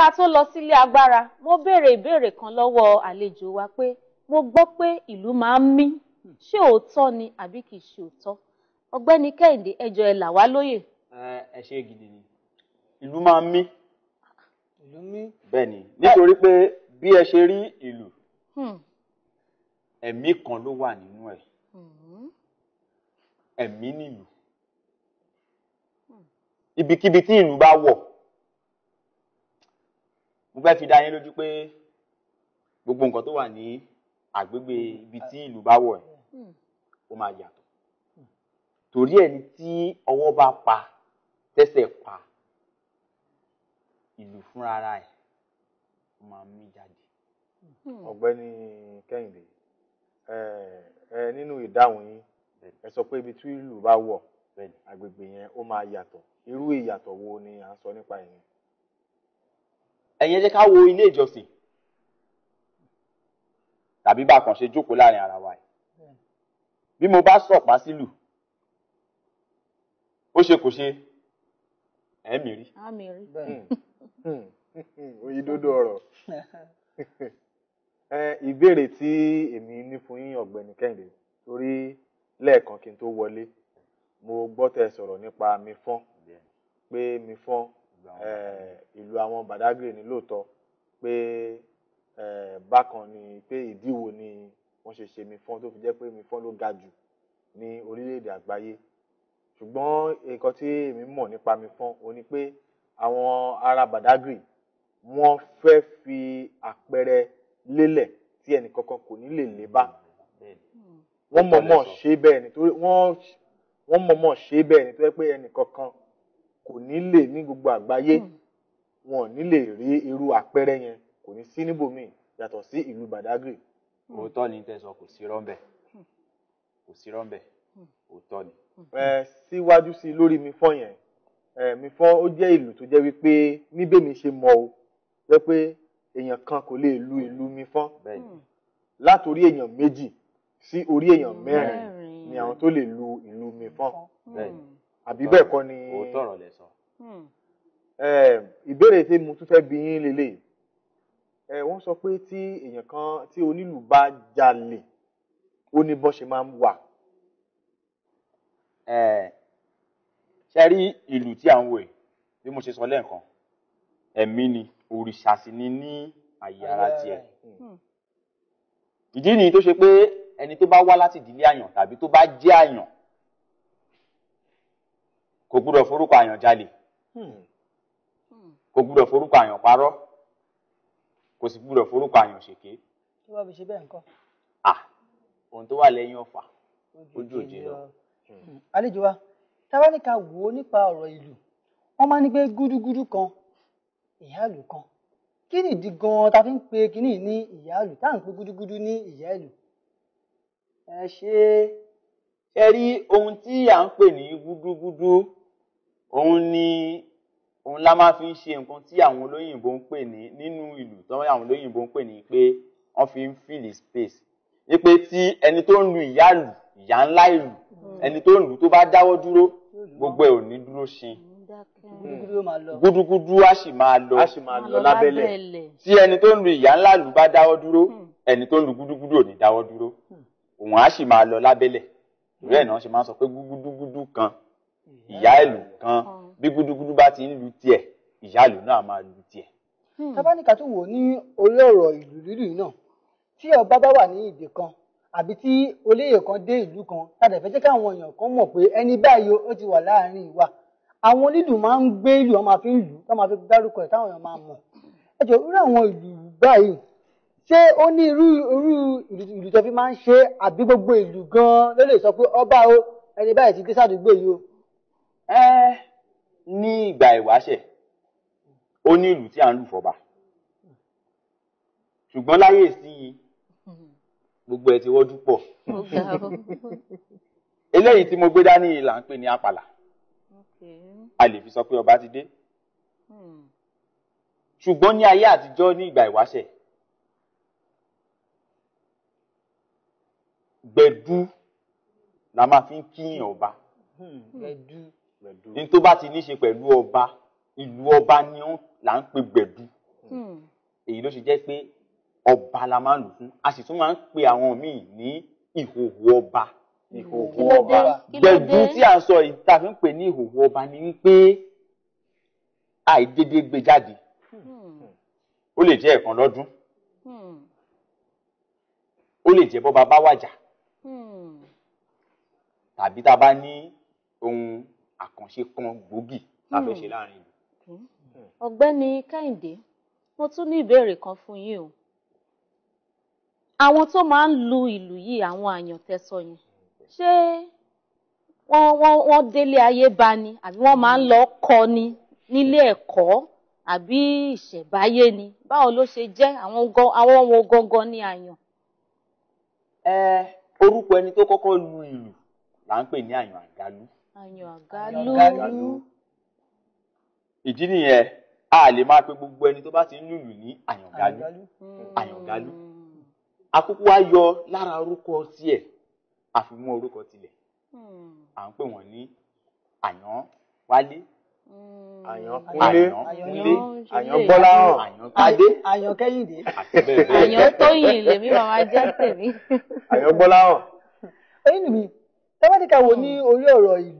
a tó lọ sílé agbára mo béèrè ìbéèrè kan lọ́wọ́ àlejò wa pé mo gbọ́ pé ìlú máa ń mí ṣé òótọ́ ni àbí kìí ṣe òótọ́ ọ̀gbẹ́ni Kẹ́hìndé ẹjọ́ ẹ là wá lóye. ẹ ṣe gidi ni ìlú máa ń mí bẹ́ẹ̀ ni nítorí pé bí ẹ ṣe rí ìlú hmm. ẹ̀mí kan ló wà nínú ẹ̀ hmm. ẹ̀mí nílùú ibikíbi tí ìlú bá wọ̀ mo fẹ́ fi dá yín lójú pé gbogbo nǹkan tó wà ní àgbègbè ibi tí ìlú bá wọ̀ ẹ́ hmm. ó máa yàtọ̀ torí ẹni tí ọwọ́ bá pa tẹ́sẹ̀ pa ìlú fúnra ara ẹ̀ ó máa mí jáde. Hmm. ọ̀gbẹ́ni kẹ́hìndé ẹ nínú ìdáhùn yín ẹ sọ pé ibi tí ìlú bá wọ̀ àgbègbè yẹn ó máa yàtọ̀ irú ìyàtọ̀ wo ni à ń sọ nípa ìyẹn ẹ̀yin jẹ́ ká wo ilé ìjọsìn tàbí bá a kàn ṣe jókòó láàrin ara wa yìí bí mo bá sọ̀pá sílù ó ṣe kò ṣe ẹ̀mí rí. oyin hmm. dodo ọ̀rọ̀ ìbéèrè tí èmi ní fún yín ọ̀gbẹ́ni Kẹ́hìndé torí lẹ́ẹ̀kan kí n tó wọlé mo gbọ́ tẹ́ sọ̀rọ̀ nípa mi fọ́n pé mi fọ́n Eh, ìlú àwọn Badagry ní lóòótọ́ pé eh, bákan ni pé ìdí wo ni wọ́n ṣe ṣe Mìífọ́n tó fi jẹ́ pé Mìífọ́n ló ga jù ní orílẹ̀-èdè àgbáyé ṣùgbọ́n nǹkan tí èmi mọ̀ nípa Mìífọ́n òun ni pé àwọn ará Badagry wọ́n fẹ́ fi àpẹẹrẹ lélẹ̀ tí ẹnì kankan kò ní lè lè bá wọ́n mọ̀ọ́mọ̀ ṣe bẹ́ẹ̀ nítorí wọ́n mọ̀ọ́mọ̀ ṣe bẹ́ẹ̀ nítorí pé ẹnì kankan kò ní lè ní gbogbo àgbáyé hmm. wọn ní lè rí irú àpẹẹrẹ yẹn kò ní sí níbòmíì yàtọ̀ sí ìlú Badagry. Hmm. òótọ́ ni tẹ̀sán kò sí rọ́ńbẹ́ hmm. kò sí rọ́ńbẹ́ òótọ́ ni. ẹ síwájú sí lórí mi fọ́ yẹn mi fọ́ ó jẹ́ ìlú tó jẹ́ wípé níbẹ̀ mi ṣe mọ̀ o jẹ́ pé èèyàn kan kò lè lu ìlú mi fọ́ látòrí èèyàn méjì sí orí èèyàn mẹ́rin ni àwọn tó lè lu ìlú mi fọ́ àbí bẹ́ẹ̀ kọ́ ni. òótọ́ ọ̀rọ̀ lẹ sọ. Hmm. ìbéèrè tí mo tún fẹ́ bi yín lélẹ̀ wọ́n sọ pé tí èèyàn kan tí onílù bá jalè ó ní bọ́ ṣe máa ń wà. ṣe rí ìlù tí à ń wò yìí bí mo ṣe sọ lẹ́ẹ̀kan ẹ̀mí ni òrìṣà sì ni ní àyè ara tiẹ̀. Hmm. ìdí nìyí tó ṣe pé ẹni tó bá wá láti ìdílé àyàn tàbí tó bá jẹ́ àyàn kò gbúdọ̀ forúkọ àyàn jalè hmm. Hmm. kò gbúdọ̀ forúkọ àyàn parọ́ kò sì gbúdọ̀ forúkọ àyàn ṣèké. kí wàá fi ṣe bẹ́ẹ̀ nǹkan. ohun tó wà lẹ́yìn ọ̀fà ojú òjì lọ. Hmm. àlejò wa táwa ní ká wò ó nípa ọ̀rọ̀ ìlú wọ́n máa ń ní pé gúdúgúdú kan ìyáàlú kan kí nìdí gan-an ta fi ń pe kínní ní ìyáàlú tá à ń pe gúdúgúdú ní ìyáàlú. ẹ ṣe ẹ rí ohun tí à ń pè ní gúdúgúdú òun ni òun la máa fi ń ṣe nǹkan tí àwọn olóyìnbó ń pè ní nínú ìlú tí àwọn olóyìnbó ń pè ní pé wọn fi ń fill the space ni pé tí ẹni tó ń lu ìyá lù ìyá ńlá ìlú hmm. ẹni tó ń lù tó bá dáwọ́ dúró gbogbo ẹ̀ ò ní dúró ṣin gúdúgúdú á sì máa lọ á sì máa lọ lábẹ́lẹ̀ tí ẹni tó ń lu ìyá ńlá ìlú bá dáwọ́ dúró hmm. ẹni tó ń lu gúdúgúdú ò ní dáwọ́ dúró hmm. òun á sì máa lọ lábẹ́lẹ̀ ìrẹ́ náà ṣe máa ń sọ pé gúdúgúdú kan ìyá ìlú kan bí gúdúgúdú bá ti ń lu tiẹ̀ ìyá ìlú náà máa lu tiẹ̀. Hmm. tábánìkà tó wò ní orí ọ̀rọ̀ ìlú lílù yìí náà tí ọba bá wà ní ìdè kan àbí tí olóyè kan dé ìlú kan tàbí fẹ́ jẹ́ káwọn èèyàn kan mọ̀ pé ẹni báyìí ó ti wà láàárín ìwà àwọn onílù máa ń gbé ìlú wọn máa fi ń lù wọn máa fi dárúkọ ẹ̀ táwọn èèyàn máa mọ̀ ẹ jọ irú àwọn ìlú báyìí ṣé ó ní irú irú ìlú tó fi máa ń ṣe àbí gbogbo ìlú gan-an ló lè sọ pé ọba o ẹni báyìí ti dé sádùúgbò yìí o ẹ ní ìgbà ìwáṣẹ̀ ó ní ìlú tí a ń lù fọba ṣùgbọ́n láyé sí i gbogbo ẹ ti wọ́n dúpọ̀ eléyìí tí mo gbé dání là ń pè ní àpàlà a lè fi sọ pé ọba ti dé ṣùgbọ́n ní ayé àtijọ́ ní ìgbà ìwáṣẹ̀ gbẹ̀dú la máa fi ń kíyàn ọba. Hmm, ní tó bá ti ní ṣe pẹ̀lú ọba ìlú ọba ni ó là ń pe gbẹ̀du hmm. èyí ló ṣe jẹ́ pé ọba la máa ń lù fún a sì tún máa ń pe àwọn míì ní ìhòòhò ọba ìhòòhò ọba gbẹ̀du tí à sọ yìí tá a fi ń pè ní ìhòòhò ọba ni wípé àìdédé gbé jáde hmm. ó lè jẹ́ ẹ̀kan lọ́dún hmm. ó lè jẹ́ bọ́ba bá wàjà tàbí tá a bá ní ohun àkànṣe kan gbòógì la fẹ́ ṣe hmm. láàrin ìlú. Hmm. Hmm. ọ̀gbẹ́ni kẹ́hìndé mo tún ní ìbéèrè kan fún yín o àwọn tó máa ń lu ìlú yìí àwọn àyàn yẹn ṣé wọ́n wọ́n wọ́n délé ayé bá ni àbí wọ́n máa ń lọ kọ́ ni nílé ẹ̀kọ́ àbí ìṣẹ̀báyé ni báwo ló ṣe jẹ́ àwọn wo gangan ni àyàn. ẹ orúkọ ẹni tó kọ́kọ́ lu ìlú là ń pè ní àyàn àdálù àyàngalú. ìdí nìyẹn a lè máa pe gbogbo ẹni tó bá ti ń lùlù ní àyàngalú àyàngalú àkókò wa yọ lára orúkọ tiẹ̀ àfi mú orúkọ tilẹ̀ hmm. à ń pè wọ́n ní àyàn wálé hmm. àyànkúnlé àyànbọ́láhàn àyànkádé àyànkẹ́yìndé àyàntóyìn lèmi máa wá jẹ́ tèmi. àyànbọ́láhàn. oyún mi tẹ́wọ́n ti ká wo ní orí ọ̀rọ̀ ìlú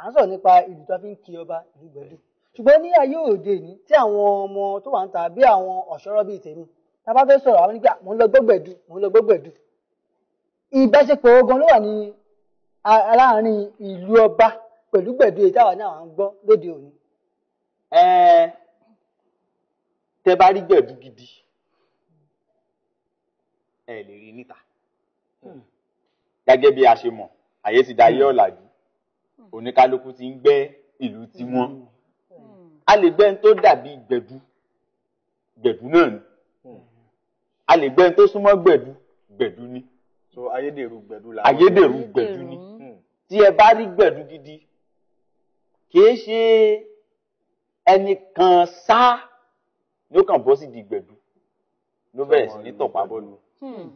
à ń sọ̀rọ̀ nípa ìlù tó fi ń kí ọba ìlú gbẹ̀du ṣùgbọ́n ní ayé òde ìní tí àwọn ọmọ tó wà ń ta bí àwọn ọ̀ṣọ́rọ́ bíi tèmi tá a bá fẹ́ sọ̀rọ̀ àwọn nígbà mò ń lọ gbọ́gbẹ̀du mò ń lọ gbọ́gbẹ̀du ìbáṣepọ̀ ogun ló wà ní láàárín ìlú ọba pẹ̀lú gbẹ̀du èyí táwa náà ń gbọ́ lóde òní. tẹ bá rí gbẹ̀du gidi ẹ lè rí níta hmm. gẹ́gẹ́ bí a ṣe mọ̀ àyè ti dayé hmm. ọ̀làjú oníkálukú ti ń gbẹ́ ìlú tiwọn mm. a lè gbẹ́ ń tó dàbí gbẹ̀dú gbẹ̀dú náà ni a lè gbẹ́ tó súnmọ́ gbẹ̀dú gbẹ̀dú ni. ayédèrú gbẹ̀dú la. ayédèrú gbẹ̀dú ni tí ẹ bá rí gbẹ̀dú gidi kìí ṣe ẹnìkan sá ló kàn bọ́ sí di gbẹ̀dú ló bẹ̀rẹ̀ sí ní tọ̀pá bọ́ọ̀lù hmm.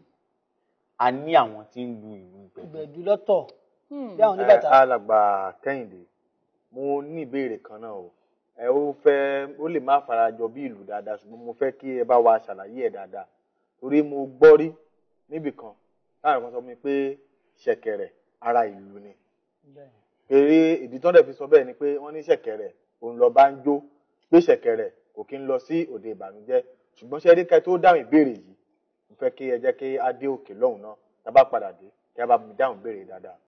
a ní àwọn tí ń lu ìlú gbẹ̀dú lọ́tọ̀ Hmm. bí àwọn oníbàtà. alàgbà kẹ́hìndé mo ní ìbéèrè kan náà o ẹ ó fẹ́ ó lè má farajọ bí ìlú dáadáa ṣùgbọ́n mo fẹ́ kí ẹ bá wa ṣàlàyé ẹ̀ dáadáa torí mo gbọ́ rí níbì kan táwọn kan sọ mi pé ṣẹ̀kẹ̀rẹ̀ ara ìlú ni eré ìdí tán dẹ̀ fi sọ bẹ́ẹ̀ ni pé wọ́n ní ṣẹ̀kẹ̀rẹ̀ òun lọ bá ń jó pé ṣẹ̀kẹ̀rẹ̀ kò kí ń lọ sí òde ìbànújẹ́ ṣùgbọ́n ṣe eré kẹ́ẹ́ dáhùn ìbéèrè yìí mo fẹ́ kí ẹ jẹ́ kí á dé òkè lọ́hùn náà tá a bá padà dé kí a bá mi dáhùn ìbéèrè dáadáa